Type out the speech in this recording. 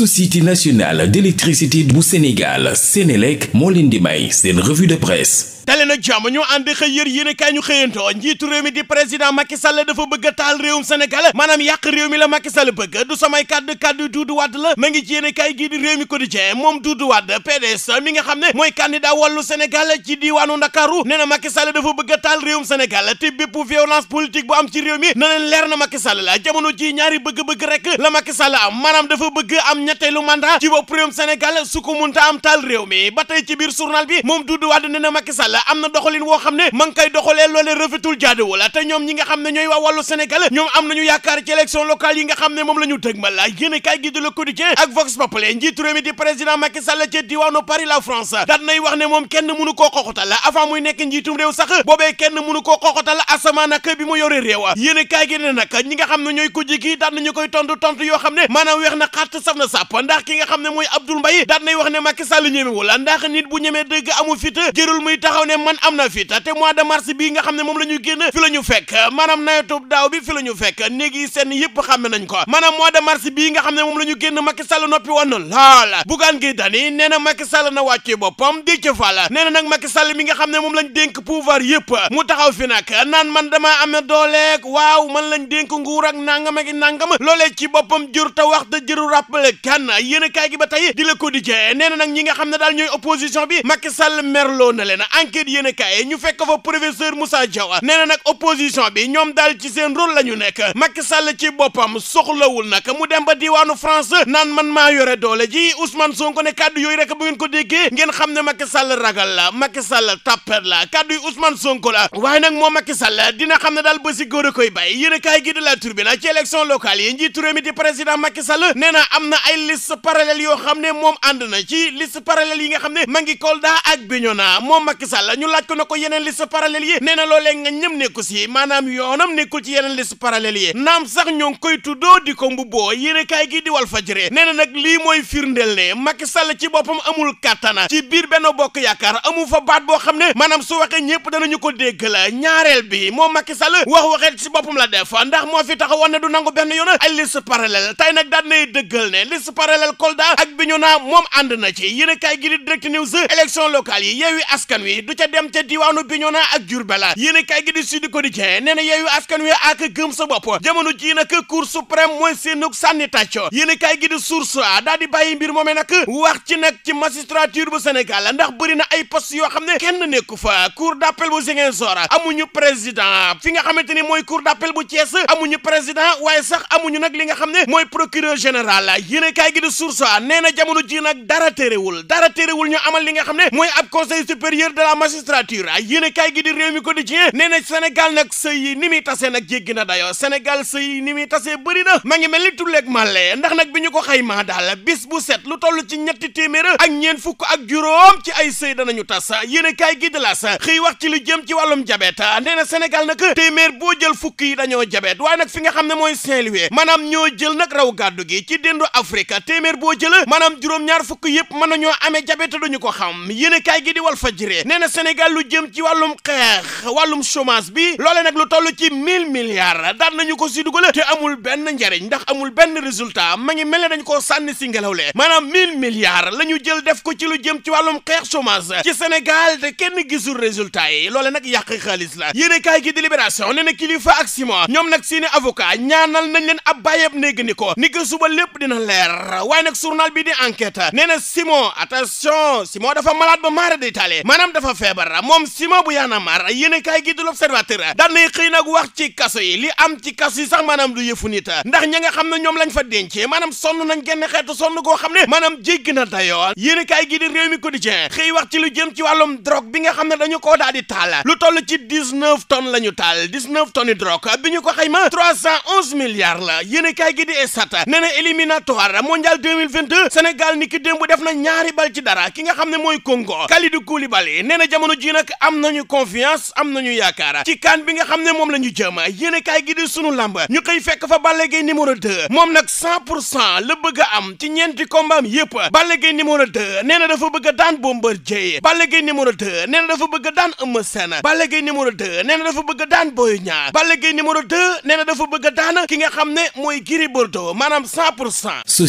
société nationale d'électricité bu Sénégal Sénélec moo leen di may seen revue de presse dale nag ñu ànd xëy yër yéen ñu xëyantoo njiitu réew mi di président Macky Sall dafa bëgg a taal réewum Sénégal maanaam yàq réew mi la Macky Sall bëgg du samay kàddu kàddu Doudou Wade la ma ngi ci yéen kaay gii di réew mi quotidien moom Doudou Wade PDS mi nga xam ne mooy candidat wàllu Sénégal ci diiwaanu Ndakaaru nee na Macky dafa bëgg a taal réewum ji ñaari bëgg-bëgg rek la Macky Sall am ñetteelu mandat ci bopp réewum xam ne ma ngi ñi nga xam ne ñooy waa wàllu Sénégal ñoom am nañu yaakaar ci élection ne moom la ñu dëgmal yéen kay gi di Le Quotidien ak Vox Populi njiitu réew mi di président Macky Sall ci diwaanu Paris la France daan nay wax ne moom kenn mënu koo xoxotal avant muy nekk njiitum réew sax boobee kenn mënu koo xoxotal asamaa nag bi mu yore réew yéen kay gi ne ñi nga xam ne ñooy kujji gi daan koy tontu tontu yoo xam ne maanaam weex na xatt saf na sàpp ndax ki nga xam ne mooy Abdoul Mbaye daan nay wax ne Macky Sall ñemewul ndax nit bu ñemee dëgg amu fit jërul muy taxaw ne man am na fit te mois de mars bii nga xam ne moom la ñu génn fi ñu fekk maanaam nawetub daaw bi fi la ñu fekk néeg yi seen yëpp ne nañ ko maanaam mois de mars bii nga xam ne moom la ñu génn Macky Sall noppi woon na lool bugaan gi dani nee na Macky Sall na wàcce boppam Déthié Fall nee na nag Macky Sall mi nga xam ne moom lañ dénk pouvoir yëpp mu taxaw fi nag naan man dama amee doole waaw man lañ dénk nguur ak nangam ak nangam loolee ci boppam jur te wax te jëru rappelé kan yéen a kaay gi ba tey di la quotidien nee na nag ñi nga xam ne daal ñooy opposition bi Macky Sall merloo na leen enquête yéen a kaay ñu fekk fa professeur Moussa Diaw nee na nag opposition bi ñoom daal ci seen rôle la ñu nekk Macky Sall ci boppam soxlawul nag mu dem ba diwaanu France naan man maa yore doole ji Ousmane Sonko ne kàddu yooyu rek bu ngeen ko déggee ngeen xam ne Macky Sall ragal la Macky Sall tapper la kàddu yi son Sonko la waaye nag moo Macky Sall dina xam ne daal ba si góor a koy bay yéen a kaay gi de la turbine ci élection locale yi nee na am na ay liste parallèle yoo xam ne moom ànd na ci liste parallèle yi nga xam ne ma ngi Kolda ak na moom Macky Sall ñu laaj ko na ko yeneen liste paraleel yi nee na loolee nga ñëm nekku si maanaam yoonam nekkul ci yeneen liste parallèle yi naam sax ñoo ngi koy doo di ko mbubboo yéene kaay gii di wal fajre nee na nag lii mooy firndeel ne Macky Sall ci boppam amul kàttana ci biir Benno Bokk Yaakaar amul fa baat boo xam ne maanaam su waxee dana ñu ko dégg la ñaareel bi moom Macky Sall wax waxee ci boppam la def ndax moo fi taxawoon ne du nangu benn yoon ay liste parallèle tey nag daan liste parallèle Kolda ak Bignona moom ànd na ci yéen a kaay gi di direct news élection locale yi yeewi askan wi du ca dem ca diwaanu Bignona ak jur yéen a kaay gi di Sud Quotidien nee na askan wi ak gëm sa bopp jamono ji nag cour suprême mooy seenug sànni tàcco yéen gi di source daal di bàyyi mbir moomee nag wax ci nag ci magistrature bu Sénégal ndax bëri na ay post yoo xam ne kenn nekku fa cour d'appel bu Ziguinchor amuñu président fi nga xamante ni mooy cour d'appel bu Thiès amuñu président waaye sax amuñu nag li nga xam ne mooy général yéenekaay gi di Source A nee na jamono ji nag dara téerewul dara téerewul ñu amal li nga xam ne mooy ab conseil supérieur de la magistrature yéenekaay gi di Rewmi Quotidien nee na Sénégal nag sëy yi ni muy tasee nag jéggi na dayoo Sénégal sëy yi ni muy tasee bëri na ma ngi mel ni tulleeg màlle ndax nag bi ñu ko xaymaa daal bis bu set lu toll ci ñetti téeméer ak ñeen fukk ak juróom ci ay sëy danañu tas yéenekaay gi di L'As xëy wax ci li jëm ci wàllum diabète nee na Sénégal nag téeméer boo jël fukk yi dañoo diabète waaye nag fi nga xam ne mooy saint maanaam ñoo jël nag raw gàddu gi ci déndu Afrique téeméer boo jëla maanaam juróom-ñaar fukk yëpp mën nañoo amee diabète ñu ko xam yéene kaay gi di Walf Fadjri nee na Sénégal lu jëm ci wàllum xeex wallum chômage bi loole nag lu toll ci mille milliards daan nañu ko si dugale te amul benn njariñ ndax amul benn résultat ma ngi mel ne dañ koo sànni si ngelaw le maanaam mille milliards la ñu jël def ko ci lu jëm ci wàllum xeex chômage ci Sénégal te kenn gisul résultat yi loole nag yàq xaalis la yéene kaay gi di Libération nee na kilifa ak Simon ñoom nag seeni avocat ñaanal nañ leen ab bàyyeeb néeg ni ko ni suba lépp dina leer mer waaye nag journal bi di enquête nee na Simon attention Simon dafa malade ba maara di taale maanaam dafa feebar moom Simon bu yaana mar yéen kaay gi du l'observateur daan nay kaso yi li am ci kaso yi sax maanaam du yëfu ndax ña nga xam ne ñoom lañ fa dencee maanaam sonn nañ genn xeetu sonn koo xam ne maanaam jéggi na dayoo yéen kaay gi di réew mi quotidien xëy wax jëm ci wàllum drogue bi nga xam ne dañu ko daal di taal lu toll ci dix-neuf tonnes la ñu taal dix-neuf tonnes drogue mondial 2022 Sénégal ni ki démb def na ñaari bal ci dara ki nga xam ne mooy Congo Kalidou Koulibaly nee na jamono ji nag am nañu confiance am nañu yaakaar ci kan bi nga xam ne moom la ñu jëm yéene gi di sunu lamb ñu koy fekk fa Balla Gaye numéro 2 moom nag 100 pour cent la bëgg am ci ñeenti kombaam yépp Balla Gaye numéro 2 nee na dafa bëgg daan Bombardier Balla Gaye numéro 2 nee na dafa bëgg a daan Eumeu Sène Balla Gaye numéro 2 nee na dafa bëgg daan Boy Niang Balla Gaye nee na dafa bëgg a ki nga xam ne mooy Gris maanaam 100 pour cent